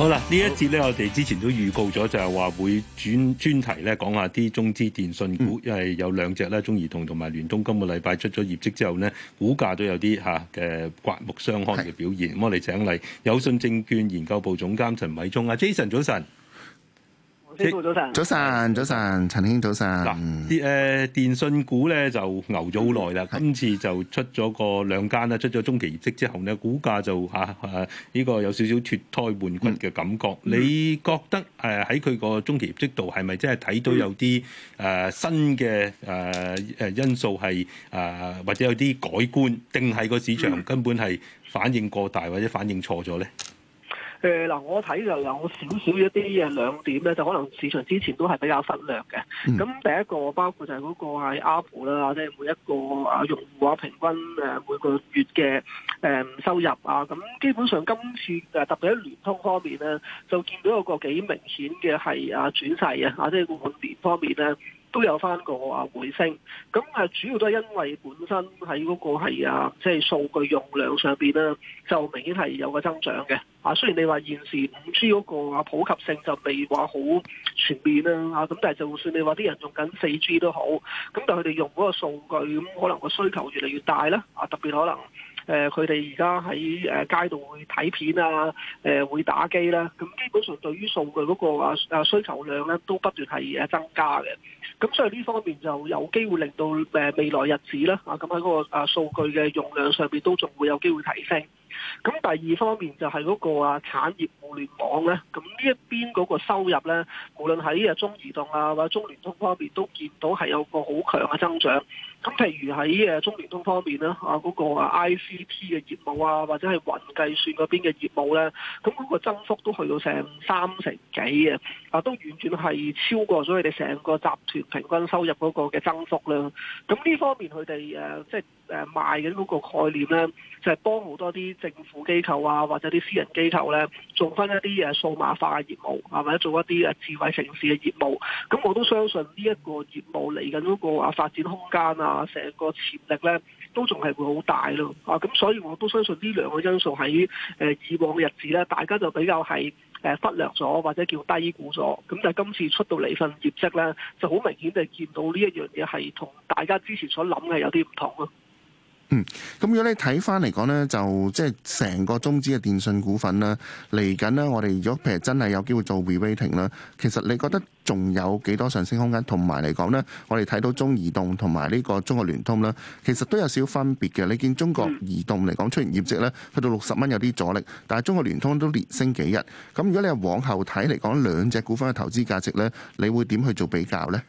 好啦，呢一節咧，我哋之前都預告咗，就係話會轉專題咧講下啲中資電訊股，因、嗯、為有兩隻咧，中移動同埋聯通，今個禮拜出咗業績之後呢，股價都有啲嚇嘅刮目相看嘅表現。咁我哋請嚟友信證券研究部總監陳偉聰、啊，Jason 早晨。早晨，早晨，早晨，陳興早晨。嗱，啲、呃、誒電信股咧就牛咗好耐啦，今次就出咗個兩間啦，出咗中期業績之後咧，股價就嚇誒呢個有少少脫胎換骨嘅感覺、嗯。你覺得誒喺佢個中期業績度係咪真係睇到有啲誒、嗯呃、新嘅誒誒因素係誒、呃、或者有啲改觀，定係個市場根本係反應過大或者反應錯咗咧？誒、嗯、嗱、嗯，我睇就有少少一啲嘅兩點咧，就可能市場之前都係比較忽略嘅。咁第一個包括就係嗰個係 ARPU 啦，即係每一個啊用戶啊平均誒每個月嘅誒、嗯、收入啊。咁基本上今次誒特別喺聯通方面咧，就見到有個幾明顯嘅係啊轉勢啊，即係個本年方面咧。都有翻個啊回升，咁啊主要都係因為本身喺嗰個係啊，即係數據用量上面啦，就明顯係有個增長嘅。啊，雖然你話現時五 G 嗰個啊普及性就未話好全面啦，啊咁，但係就算你話啲人用緊四 G 都好，咁但係佢哋用嗰個數據咁，可能個需求越嚟越大啦，啊，特別可能，誒佢哋而家喺誒街度會睇片啊，誒會打機啦，咁基本上對於數據嗰個啊啊需求量咧，都不斷係嘅增加嘅，咁所以呢方面就有機會令到誒未來日子啦。啊咁喺嗰個啊數據嘅容量上邊都仲會有機會提升。咁第二方面就係嗰個啊產業互聯網咧，咁呢一邊嗰個收入咧，無論喺誒中移動啊或者中聯通方面都見到係有個好強嘅增長。咁譬如喺誒中聯通方面咧，啊、那、嗰個啊 I C T 嘅業務啊或者係雲計算嗰邊嘅業務咧，咁嗰個增幅都去到成三成幾嘅，啊都遠遠係超過咗佢哋成個集團平均收入嗰個嘅增幅啦。咁呢方面佢哋誒即係。誒賣嘅嗰個概念咧，就係幫好多啲政府機構啊，或者啲私人機構咧，做翻一啲誒數碼化嘅業務，係咪咧做一啲誒智慧城市嘅業務？咁我都相信呢一個業務嚟緊嗰個啊發展空間啊，成個潛力咧，都仲係會好大咯。啊，咁所以我都相信呢兩個因素喺誒以往嘅日子咧，大家就比較係誒忽略咗或者叫低估咗。咁但係今次出到嚟份業績咧，就好明顯地見到呢一樣嘢係同大家之前所諗嘅有啲唔同咯。嗯，咁如果你睇返嚟講呢，就即係成個中資嘅電訊股份啦。嚟緊呢，我哋如果譬如真係有機會做 re-rating 咧，其實你覺得仲有幾多上升空間？同埋嚟講呢，我哋睇到中移動同埋呢個中國聯通啦，其實都有少少分別嘅。你見中國移動嚟講出現業績呢，去到六十蚊有啲阻力，但係中國聯通都連升幾日。咁如果你係往後睇嚟講，兩隻股份嘅投資價值呢，你會點去做比較呢？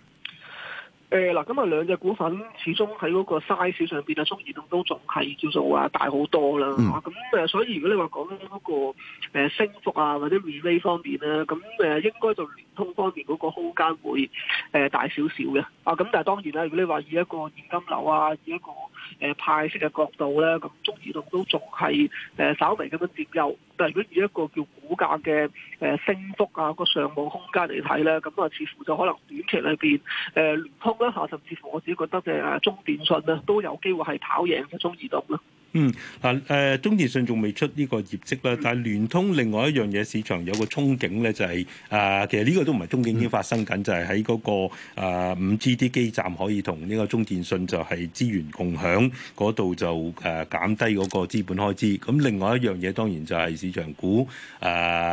誒嗱，咁啊兩隻股份始終喺嗰個 size 上邊啊，中移動都仲係叫做話大好多啦。咁誒，所以如果你話講緊嗰個誒升幅啊，或者 relay 方面咧，咁誒應該就聯通方面嗰個空間會誒大少少嘅。啊，咁但係當然啦，如果你話以一個現金流啊，以一個誒派息嘅角度咧，咁中移動都仲係誒稍微咁樣佔優。嗱，如果以一個叫股價嘅誒升幅啊，個上網空間嚟睇咧，咁啊，似乎就可能短期裏邊誒聯通一下，甚至乎我自己覺得嘅誒中電信咧，都有機會係跑贏中移動啦。嗯啊，誒，中電信仲未出呢個業績啦，但係聯通另外一樣嘢，市場有個憧憬咧、就係，就係啊，其實呢個都唔係憧憬，已經發生緊、嗯，就係喺嗰個啊五 G 啲基站可以同呢個中電信就係資源共享嗰度就誒、呃、減低嗰個資本開支。咁另外一樣嘢當然就係市場估啊、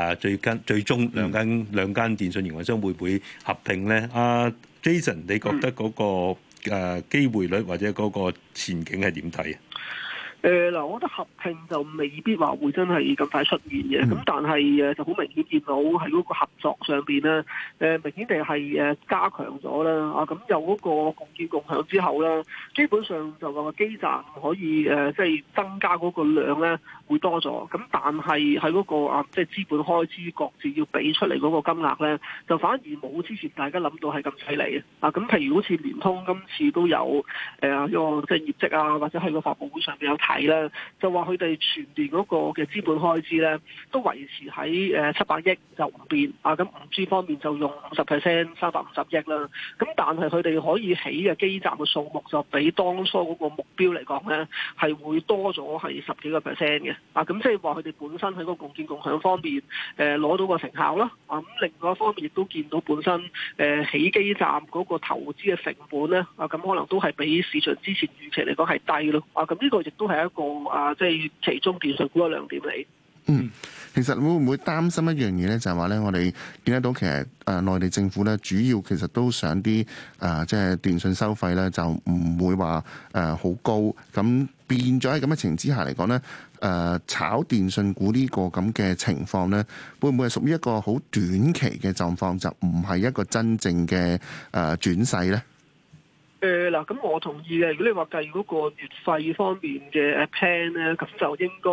呃，最近最終兩間、嗯、兩間電信營運商會唔會合併咧？啊、呃、Jason，你覺得嗰、嗰個誒、呃、機會率或者嗰個前景係點睇啊？誒嗱，我覺得合併就未必話會真係咁快出現嘅，咁但係就好明顯見到喺嗰個合作上邊咧，明顯地係加強咗啦，啊咁有嗰個共建共享之後咧，基本上就話基站可以即係、就是、增加嗰個量咧，會多咗，咁但係喺嗰個啊即係資本開支各自要俾出嚟嗰個金額咧，就反而冇之前大家諗到係咁犀利嘅，啊咁譬如好似聯通今次都有誒啊個個即係業績啊，或者喺個發布會上邊有提。啦，就話佢哋全年嗰個嘅資本開支咧，都維持喺誒七百億就唔變啊。咁五 G 方面就用五十 percent 三百五十億啦。咁但係佢哋可以起嘅基站嘅數目就比當初嗰個目標嚟講咧，係會多咗係十幾個 percent 嘅啊。咁即係話佢哋本身喺個共建共享方面，誒攞到個成效啦。啊咁另外一方面亦都見到本身誒起基站嗰個投資嘅成本咧，啊咁可能都係比市場之前預期嚟講係低咯。啊咁呢個亦都係。係一個啊，即係其中電信股嘅亮點嚟。嗯，其實會唔會擔心一樣嘢咧？就係話咧，我哋見得到其實誒內地政府咧，主要其實都想啲誒即係電信收費咧，就唔會話誒好高。咁變咗喺咁嘅情況之下嚟講咧，誒、呃、炒電信股這個這的呢個咁嘅情況咧，會唔會係屬於一個好短期嘅狀況？就唔係一個真正嘅誒轉勢咧？呃誒、呃、嗱，咁我同意嘅。如果你話計嗰個月費方面嘅 plan 咧，咁就應該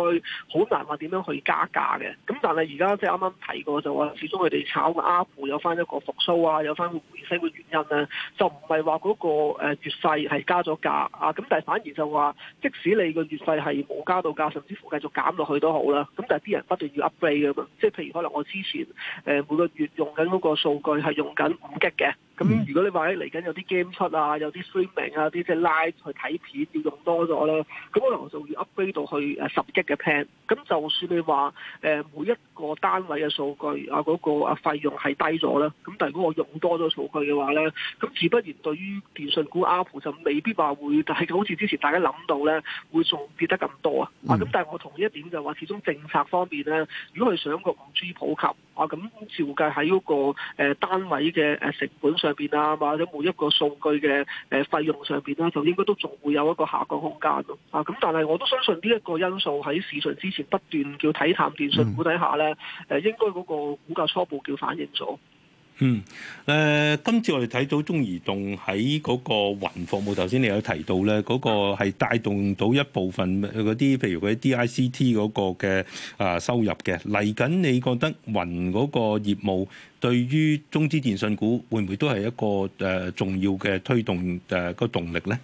好難話點樣去加價嘅。咁但係而家即係啱啱提過就話，始終佢哋炒個阿 p 有翻一個復蘇啊，有翻。社會原因咧，就唔係話嗰個月費係加咗價啊，咁但係反而就話，即使你個月費係冇加到價，甚至乎繼續減落去都好啦，咁但係啲人不斷要 upgrade 嘅嘛。即係譬如可能我之前誒每個月用緊嗰個數據係用緊五 G 嘅，咁、嗯、如果你話嚟緊有啲 game 出啊，有啲 streaming 啊，啲即 live 去睇片要用多咗啦，咁可能我就要 upgrade 到去誒十 G 嘅 plan。咁就算你話誒每一個單位嘅數據啊嗰、嗰個啊費用係低咗啦，咁但係如果我用多咗數，嘅話咧，咁自不然對於電信股 ARPU 就未必話會係好似之前大家諗到咧，會仲跌得咁多啊。咁、mm -hmm. 但係我同意一點就話、是，始終政策方面咧，如果佢想個五 G 普及啊，咁照計喺嗰個誒單位嘅誒成本上邊啊，或者每一個數據嘅誒費用上邊咧，就應該都仲會有一個下降空間咯。啊，咁但係我都相信呢一個因素喺市場之前不斷叫睇淡電信股底下咧，誒、mm -hmm.，應該嗰個股價初步叫反映咗。嗯，誒、呃，今次我哋睇到中移動喺嗰個雲服務，頭先你有提到咧，嗰個係帶動到一部分嗰啲，譬如佢 DICT 嗰個嘅收入嘅嚟緊。你覺得雲嗰個業務對於中資電信股會唔會都係一個誒重要嘅推動誒個動力咧？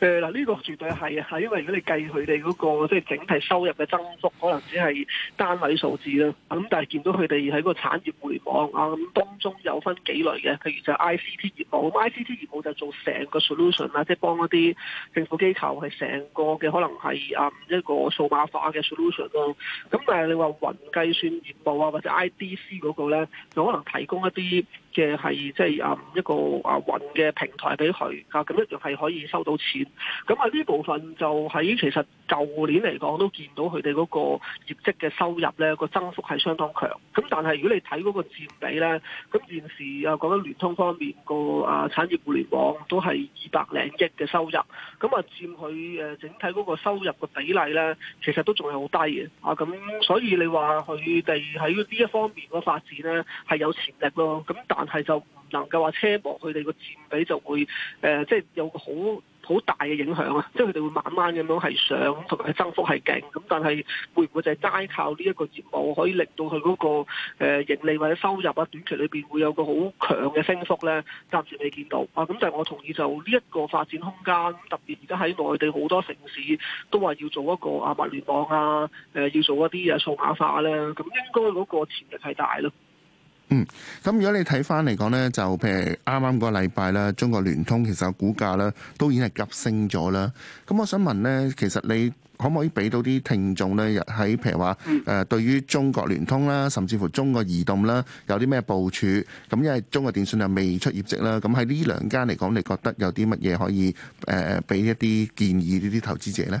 誒嗱呢個絕對係啊，係因為如果你計佢哋嗰個即係、就是、整體收入嘅增速，可能只係單位數字咯。咁、嗯、但係見到佢哋喺嗰個產業互聯網啊咁當中有分幾類嘅，譬如就係 I C T 業務，咁 I C T 業務就做成個 solution 啦，即係幫一啲政府機構係成個嘅可能係啊、嗯、一個數碼化嘅 solution 咯、啊。咁誒你話雲計算業務啊或者 I D C 嗰個咧，就可能提供一啲。嘅係即係啊、嗯、一個啊運嘅平台俾佢啊，咁一樣係可以收到錢。咁啊呢部分就喺其實。舊年嚟講都見到佢哋嗰個業績嘅收入咧，個增幅係相當強。咁但係如果你睇嗰個佔比咧，咁現時啊，講緊聯通方面、個啊產業互聯網都係二百零億嘅收入，咁啊佔佢整體嗰個收入個比例咧，其實都仲係好低嘅啊。咁所以你話佢哋喺呢一方面個發展咧係有潛力咯。咁但係就唔能夠話奢望佢哋個佔比就會誒，即、呃、係、就是、有個好。好大嘅影響啊！即係佢哋會慢慢咁樣係上，同埋增幅係勁。咁但係會唔會就係齋靠呢一個業務可以令到佢嗰個誒盈利或者收入啊，短期裏邊會有個好強嘅升幅咧？暫時未見到啊！咁但係我同意就呢一個發展空間。特別而家喺內地好多城市都話要做一個物聯網啊，誒要做一啲數碼化咧。咁應該嗰個潛力係大咯。嗯，咁如果你睇翻嚟講呢，就譬如啱啱個禮拜啦，中國聯通其實個股價呢都已經係急升咗啦。咁我想問呢，其實你可唔可以俾到啲聽眾呢？喺譬如話誒，對於中國聯通啦，甚至乎中國移動啦，有啲咩部署？咁因為中國電信又未出業績啦，咁喺呢兩間嚟講，你覺得有啲乜嘢可以誒俾、呃、一啲建議呢？啲投資者呢？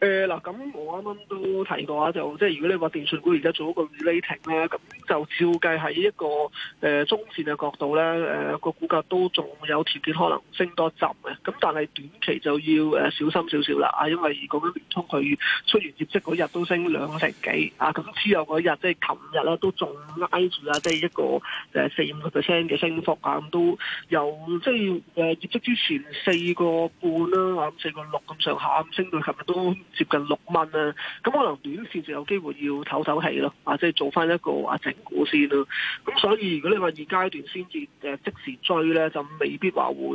誒、呃、嗱，咁我啱啱都提過啊，就即係、就是、如果你話電訊股而家做一個 rating 咧，咁就照計喺一個誒、呃、中線嘅角度咧，誒、呃、個股價都仲有條件可能升多浸嘅。咁但係短期就要小心少少啦，啊，因為嗰間聯通佢出完業績嗰日都升兩成幾、就是、啊，咁之後嗰日即係琴日啦，都仲挨住啦，即係一個誒四五個 percent 嘅升幅啊，咁都由即係誒業績之前四個半啦，咁四個六咁上下，咁升到琴日都。接近六蚊啦，咁可能短線就有機會要唞唞氣咯，啊，即係做翻一個話整股先咯。咁所以如果你話二階段先至即時追咧，就未必話會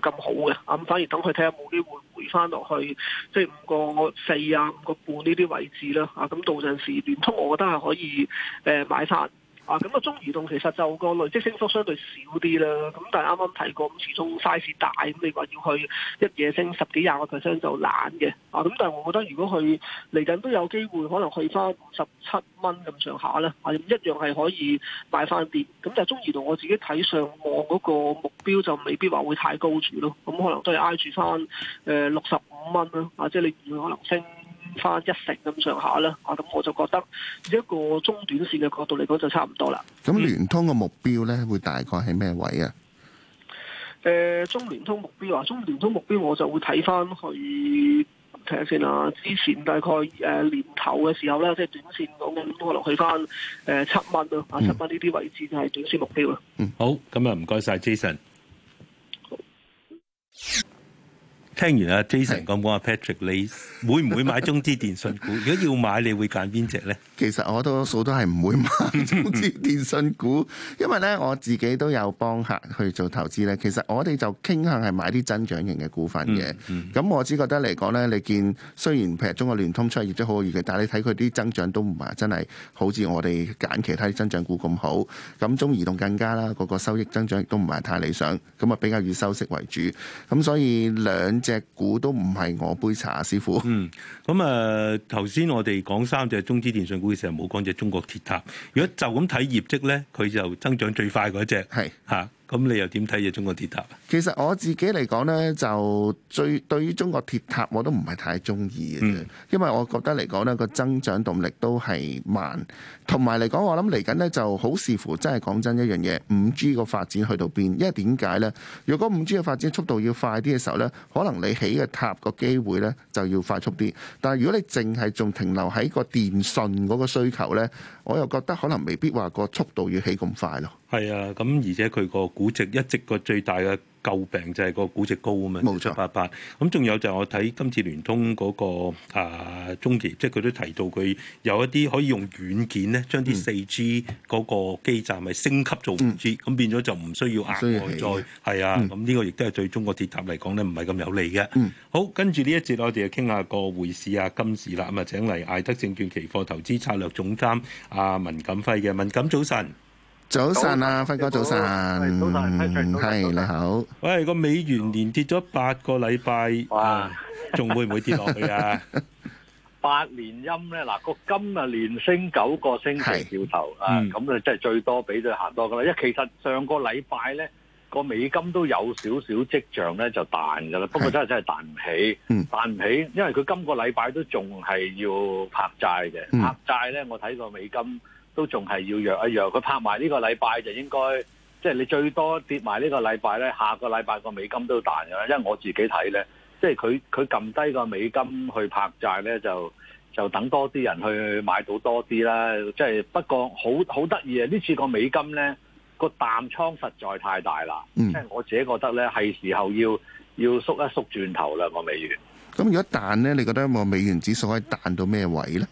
咁好嘅。咁反而等佢睇下冇機會回翻落去即係五個四、啊五個半呢啲位置啦。咁到陣時聯通，我覺得係可以誒買散。啊，咁啊，中移動其實就個累積升幅相對少啲啦，咁但係啱啱提過，咁始終 size 大，咁你話要去一夜升十幾廿個 percent 就難嘅，啊，咁但係我覺得如果去嚟緊都有機會，可能去翻五十七蚊咁上下啦啊，一樣係可以買翻啲，咁但係中移動我自己睇上網嗰個目標就未必話會太高住咯，咁可能都係挨住翻誒六十五蚊啦，啊，即係你如果可能升翻一成咁上下啦，咁我就覺得以一個中短綫嘅角度嚟講就差唔多啦。咁聯通嘅目標咧，會大概係咩位啊？誒，中聯通目標啊，中聯通目標我就會睇翻去睇下先啊，之前大概誒年頭嘅時候咧，即係短綫講嘅，咁我落去翻誒七蚊啊，七蚊呢啲位置就係短綫目標啦。嗯，好，今日唔該晒 Jason。好聽完阿 Jason 講講阿 Patrick，你會唔會買中資電訊股？ 如果要買，你會揀邊隻呢？其實我多數都係唔會買中資電訊股， 因為呢，我自己都有幫客去做投資呢，其實我哋就傾向係買啲增長型嘅股份嘅。咁、嗯嗯、我只覺得嚟講呢，你見雖然譬如中國聯通出嚟業績好過預期，但係你睇佢啲增長都唔係真係好似我哋揀其他啲增長股咁好。咁中移動更加啦，個、嗰個收益增長亦都唔係太理想。咁啊，比較以收息為主。咁所以兩隻股都唔係我杯茶，師傅。嗯，咁啊，呃，頭先我哋講三隻中資電訊股嘅時候冇講隻中國鐵塔。如果就咁睇業績咧，佢就增長最快嗰隻。係吓。咁你又點睇嘅中國鐵塔？其實我自己嚟講呢，就最對於中國鐵塔我都唔係太中意嘅，因為我覺得嚟講呢個增長動力都係慢，同埋嚟講我諗嚟緊呢就好視乎真真，真係講真一樣嘢，五 G 個發展去到邊？因為點解呢？如果五 G 嘅發展速度要快啲嘅時候呢，可能你起嘅塔個機會呢就要快速啲。但係如果你淨係仲停留喺個電訊嗰個需求呢，我又覺得可能未必話個速度要起咁快咯。係啊，咁而且佢個估值一直個最大嘅詬病就係個估值高啊嘛，冇錯八八咁。仲有就我睇今次聯通嗰、那個啊中期即係佢都提到佢有一啲可以用軟件咧，將啲四 G 嗰個基站係升級做五 G，咁變咗就唔需要額外再係啊。咁、嗯、呢、嗯、個亦都係對中國鐵塔嚟講咧，唔係咁有利嘅、嗯。好，跟住呢一節我哋就傾下個匯市啊，金市啦，咪請嚟艾德證券期貨投資策略總監阿文錦輝嘅文錦，早晨。早晨啊，輝哥，早晨，係你好。喂，個美元連跌咗八個禮拜，哇，仲會唔會跌落去啊？八連陰咧，嗱個金啊，連升九個星期調頭，啊，咁啊，真係最多俾佢行多噶啦。因為其實上個禮拜咧，個美金都有少少跡象咧，就彈噶啦，不過真係真係彈唔起，彈唔起，因為佢今個禮拜都仲係要拍債嘅，拍債咧，我睇個美金。都仲係要弱一弱，佢拍埋呢個禮拜就應該，即係你最多跌埋呢個禮拜咧，下個禮拜個美金都彈嘅啦。因為我自己睇咧，即係佢佢撳低個美金去拍債咧，就就等多啲人去買到多啲啦。即係不過好好得意啊！呢次個美金咧個淡倉實在太大啦，即係、嗯、我自己覺得咧係時候要要縮一縮轉頭啦個美元。咁、嗯、如果彈咧，你覺得個美元指數可以彈到咩位咧？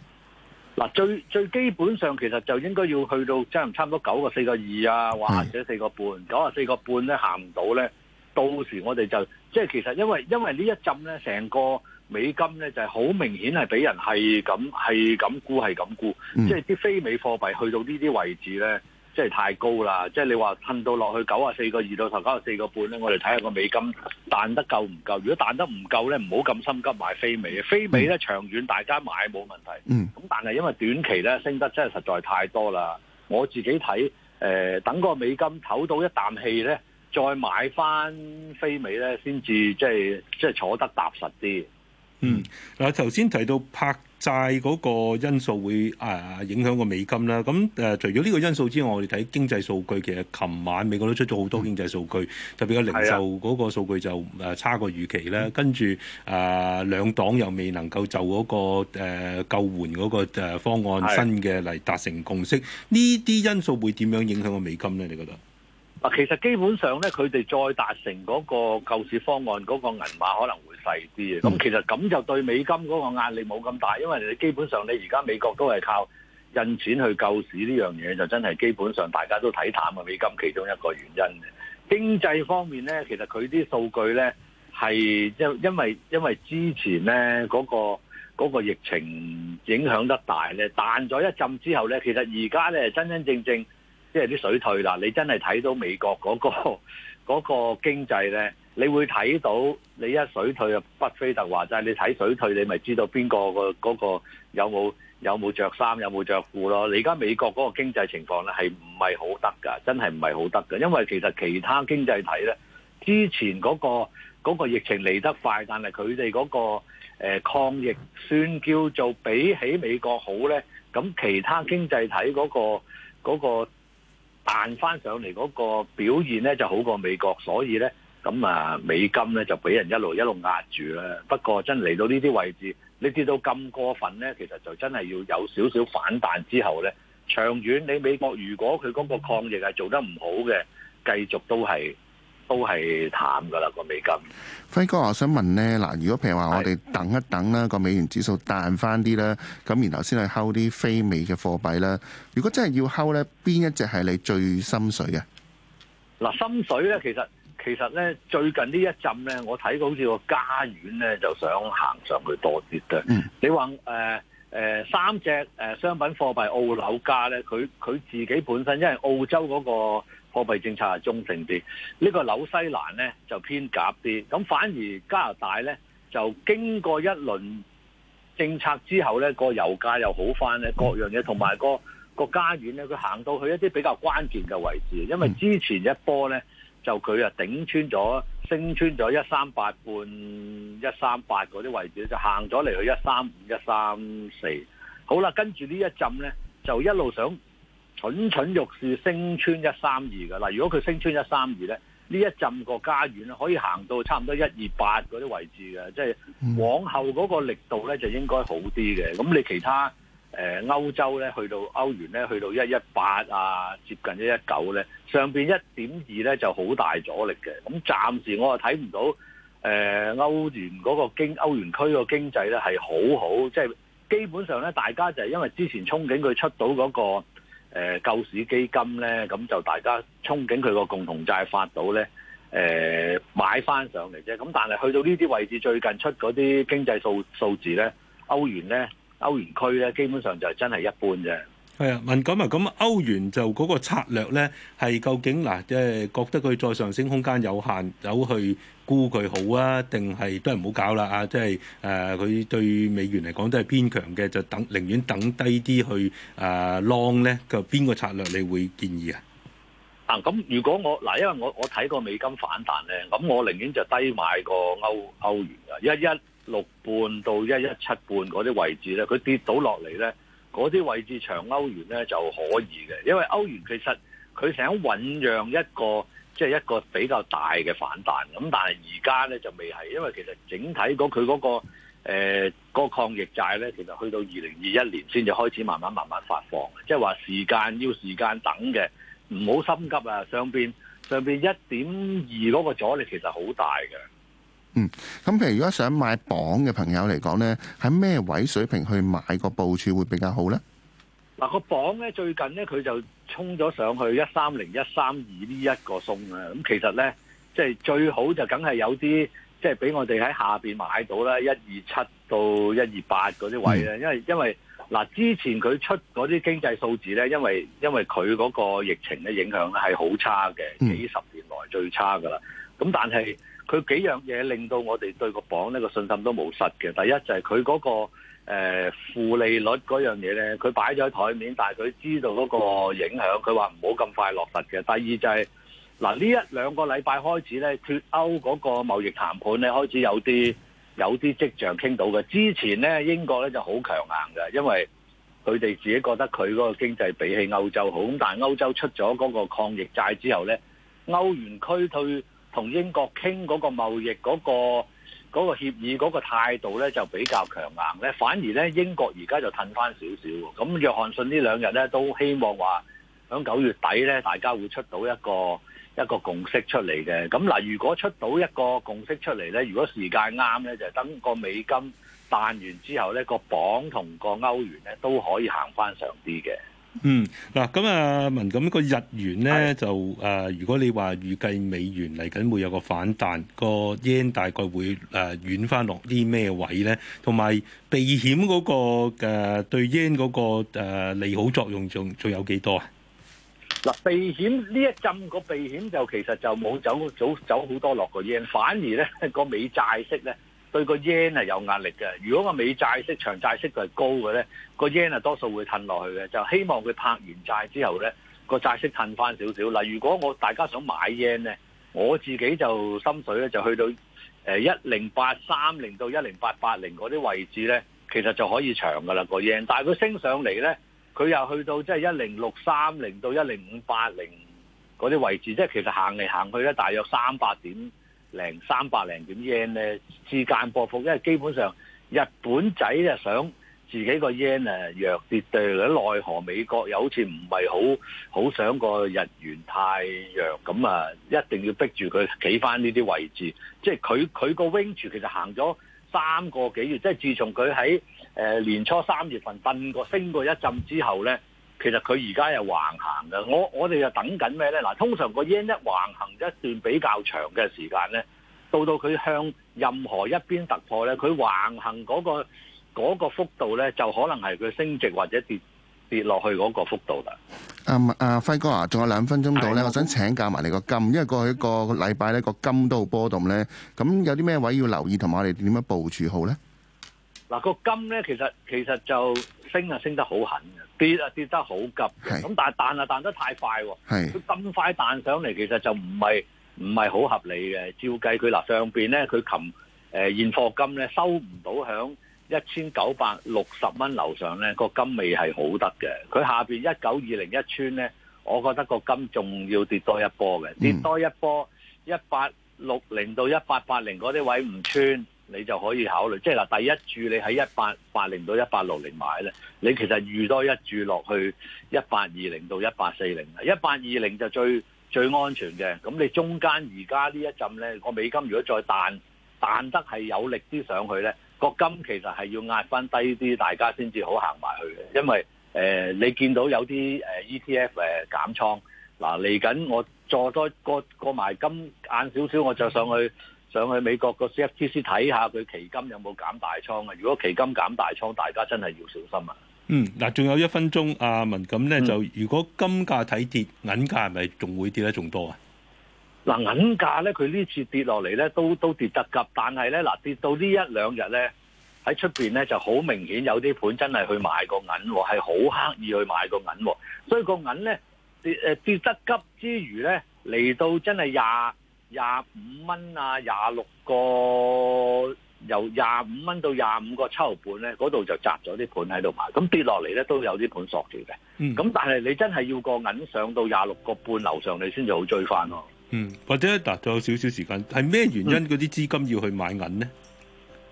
嗱，最最基本上其實就應該要去到即係差唔多九個四個二啊，或者四個半，九啊、四個半咧行唔到咧，到時我哋就即係其實因為因為這一呢一浸咧，成個美金咧就係、是、好明顯係俾人係咁係咁沽，係咁沽，即係啲非美貨幣去到呢啲位置咧。即係太高啦！即係你話撐到落去九啊四個二到十九啊四個半咧，我哋睇下個美金彈得夠唔夠？如果彈得唔夠咧，唔好咁心急買非美。非美咧長遠大家買冇問題。嗯。咁但係因為短期咧升得真係實在太多啦，我自己睇誒、呃、等個美金唞到一啖氣咧，再買返非美咧先至即係即係坐得踏實啲。嗯。嗱頭先提到拍。大、那、嗰個因素會誒影響個美金啦。咁誒除咗呢個因素之外，我哋睇經濟數據，其實琴晚美國都出咗好多經濟數據，就比較零售嗰個數據就誒差過預期咧，嗯。跟住誒兩黨又未能夠就嗰，那個誒、呃、救援嗰個誒方案新嘅，嚟達成共識，呢，嗯、啲因素會點樣影響個美金咧？你覺得？啊，其實基本上咧，佢哋再達成嗰個救市方案嗰個銀碼可能會。啲咁其實咁就對美金嗰個壓力冇咁大，因為你基本上你而家美國都係靠印錢去救市呢樣嘢，就真係基本上大家都睇淡嘅美金其中一個原因嘅。經濟方面呢，其實佢啲數據呢，係因因為因為之前呢嗰個嗰個疫情影響得大呢，彈咗一浸之後呢，其實而家呢真真正正即係啲水退啦，你真係睇到美國嗰個嗰個經濟呢。你會睇到你一水退啊，巴菲特話齋，你睇水退，你咪知道邊個個嗰個有冇有冇著衫，有冇著褲咯？你而家美國嗰個經濟情況咧，係唔係好得㗎？真係唔係好得㗎？因為其實其他經濟體咧，之前嗰個嗰個疫情嚟得快，但係佢哋嗰個誒抗疫算叫做比起美國好咧，咁其他經濟體嗰個嗰個彈返上嚟嗰個表現咧，就好過美國，所以咧。咁啊，美金咧就俾人一路一路壓住啦。不過真嚟到呢啲位置，你跌到咁過分咧，其實就真係要有少少反彈之後咧，長遠你美國如果佢嗰個抗疫係做得唔好嘅，繼續都係都係淡㗎啦個美金。輝哥，我想問咧，嗱，如果譬如話我哋等一等啦，個美元指數彈翻啲啦，咁然後先去拋啲非美嘅貨幣啦。如果真係要拋咧，邊一隻係你最心水啊？嗱，心水咧，其實。其實咧，最近呢一陣咧，我睇到好似個加元咧，就想行上去多啲嘅。你話誒誒，三隻誒商品貨幣澳紐加咧，佢佢自己本身因為澳洲嗰個貨幣政策係中性啲，這個、紐呢個紐西蘭咧就偏夾啲。咁反而加拿大咧，就經過一輪政策之後咧，個油價又好翻咧，各樣嘢同埋個個加元咧，佢行到去一啲比較關鍵嘅位置，因為之前一波咧。就佢啊，頂穿咗，升穿咗一三八半、一三八嗰啲位置，就行咗嚟去一三五、一三四。好啦，跟住呢一浸呢，就一路想蠢蠢欲試升穿一三二㗎啦。如果佢升穿一三二呢，呢一浸個加軟可以行到差唔多一二八嗰啲位置嘅，即係往後嗰個力度呢，就應該好啲嘅。咁你其他？誒歐洲咧，去到歐元咧，去到一一八啊，接近一一九咧，上面一點二咧就好大阻力嘅。咁暫時我啊睇唔到誒、呃、歐元嗰個歐元區個經濟咧係好好，即、就、係、是、基本上咧大家就係因為之前憧憬佢出到嗰、那個誒、呃、救市基金咧，咁就大家憧憬佢個共同債發到咧，誒、呃、買翻上嚟啫。咁但係去到呢啲位置最近出嗰啲經濟數,數字咧，歐元咧。歐元區咧，基本上就真係一般啫。係啊，文哥啊，咁歐元就嗰個策略咧，係究竟嗱，即係覺得佢再上升空間有限，走去沽佢好啊，定係都係唔好搞啦啊！即係誒，佢對美元嚟講都係偏強嘅，就等寧願等低啲去誒 long 咧，個邊個策略你會建議啊？啊，咁如果我嗱，因為我我睇過美金反彈咧，咁我寧願就低買個歐歐元噶一一。六半到一一七半嗰啲位置咧，佢跌倒落嚟咧，嗰啲位置長歐元咧就可以嘅，因為歐元其實佢想醞釀一個即係、就是、一個比較大嘅反彈，咁但係而家咧就未係，因為其實整體嗰佢嗰個誒、那個呃那個抗疫債咧，其實去到二零二一年先至開始慢慢慢慢發放，即係話時間要時間等嘅，唔好心急啊！上邊上邊一點二嗰個阻力其實好大嘅。嗯，咁譬如如果想買鎊嘅朋友嚟講咧，喺咩位水平去買個部署會比較好咧？嗱、那個鎊咧最近咧佢就衝咗上去一三零一三二呢一個松啊！咁其實咧，即、就、係、是、最好就梗係有啲即係俾我哋喺下邊買到啦，一二七到一二八嗰啲位咧，因為因為嗱之前佢出嗰啲經濟數字咧，因為因為佢嗰個疫情嘅影響咧係好差嘅，幾十年來最差㗎喇。咁但係佢幾樣嘢令到我哋對個鎊呢個信心都冇失嘅。第一就係佢嗰個誒負利率嗰樣嘢呢，佢擺咗喺台面，但係佢知道嗰個影響，佢話唔好咁快落實嘅。第二就係嗱呢一兩個禮拜開始呢，脫歐嗰個貿易談判呢，開始有啲有啲跡象傾到嘅。之前呢，英國呢就好強硬嘅，因為佢哋自己覺得佢嗰個經濟比起歐洲好。咁但係歐洲出咗嗰個抗疫債之後呢，歐元區退。同英國傾嗰個貿易嗰個嗰個協議嗰個態度咧，就比較強硬咧。反而咧英國而家就褪翻少少喎。咁約翰遜呢兩日咧都希望話響九月底咧，大家會出到一個一個共識出嚟嘅。咁嗱，如果出到一個共識出嚟咧，如果時間啱咧，就係等個美金彈完之後咧，個鎊同個歐元咧都可以行翻上啲嘅。嗯，嗱，咁啊，文，咁個日元咧就誒，如果你話預計美元嚟緊會有個反彈，個 yen 大概會誒軟翻落啲咩位咧？同埋避險嗰個誒對 yen 嗰個誒利好作用仲仲有幾多啊？嗱，避險呢一浸個避險就其實就冇走走走好多落個 yen，反而咧個美債息咧。對個 yen 係有壓力嘅，如果個美債息長、長債息佢係高嘅咧，個 yen 係多數會褪落去嘅。就希望佢拍完債之後咧，個債息褪翻少少。嗱，如果我大家想買 yen 咧，我自己就心水咧，就去到誒一零八三零到一零八八零嗰啲位置咧，其實就可以長噶啦個 yen。但係佢升上嚟咧，佢又去到即係一零六三零到一零五八零嗰啲位置，即係其實行嚟行去咧，大約三百點。零三百零點 yen 咧，之間波幅，因為基本上日本仔啊想自己個 yen 誒弱啲嘅，奈何美國又好似唔係好好想個日元太弱，咁啊一定要逼住佢企翻呢啲位置，即係佢佢個 range 其實行咗三個幾月，即係自從佢喺、呃、年初三月份瞓過升過一陣之後呢。其實佢而家又橫行㗎，我我哋就等緊咩呢？嗱，通常個 yen 一橫行一段比較長嘅時間呢，到到佢向任何一邊突破呢，佢橫行嗰個嗰個幅度呢，就可能係佢升值或者跌跌落去嗰個幅度啦。阿，阿輝哥啊，仲有兩分鐘到呢。我想請教埋你個金，因為過去一個禮拜呢，個金都好波動呢，咁有啲咩位要留意，同埋我哋點樣部署好呢？，嗱個金咧，其實其實就升啊升得好狠嘅，跌啊跌得好急。咁但係彈啊彈得太快，佢咁快彈上嚟，其實就唔係唔係好合理嘅。照計佢嗱上邊咧，佢琴誒現貨金咧收唔到響一千九百六十蚊樓上咧，個金味係好得嘅。佢下邊一九二零一穿咧，我覺得個金仲要跌多一波嘅，跌多一波一八六零到一八八零嗰啲位唔穿。你就可以考慮，即係嗱，第一注你喺一八八零到一八六零買咧，你其實預多一注落去一八二零到一八四零，一八二零就最最安全嘅。咁你中間而家呢一陣咧，個美金如果再彈彈得係有力啲上去咧，個金其實係要壓翻低啲，大家先至好行埋去嘅。因為，呃，你見到有啲 ETF 誒減倉，嗱嚟緊我坐多個個埋金硬少少，一點點我就上去。上去美國個 CFTC 睇下佢期金有冇減大倉啊！如果期金減大倉，大家真係要小心啊！嗯，嗱，仲有一分鐘，阿、啊、文咁咧就、嗯，如果金價睇跌，銀價係咪仲會跌得仲多啊？嗱，銀價咧，佢呢次跌落嚟咧，都都跌得急，但係咧，嗱跌到呢一兩日咧，喺出邊咧就好明顯有啲盤真係去買個銀喎，係好刻意去買個銀喎，所以個銀咧跌誒跌得急之餘咧，嚟到真係廿。廿五蚊啊，廿六個由廿五蚊到廿五個七毫半咧，嗰度就集咗啲盤喺度買，咁跌落嚟咧都有啲盤索住嘅。嗯，咁但係你真係要個銀上到廿六個半樓上，你先至好追翻咯、啊。嗯，或者搭再少少時間，係咩原因嗰啲資金要去買銀咧？誒、嗯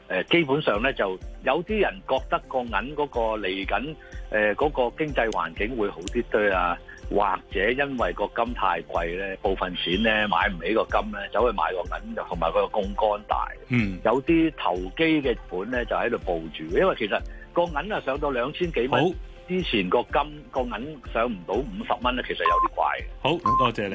呃，基本上咧就有啲人覺得個銀嗰個嚟緊誒嗰個經濟環境會好啲，對啊。或者因為個金太貴咧，部分錢咧買唔起個金咧，走去買個銀，同埋佢個槓桿大。嗯，有啲投機嘅本咧就喺度抱住，因為其實個銀啊上到兩千幾蚊，之前個金個銀上唔到五十蚊咧，其實有啲怪。好，多謝你。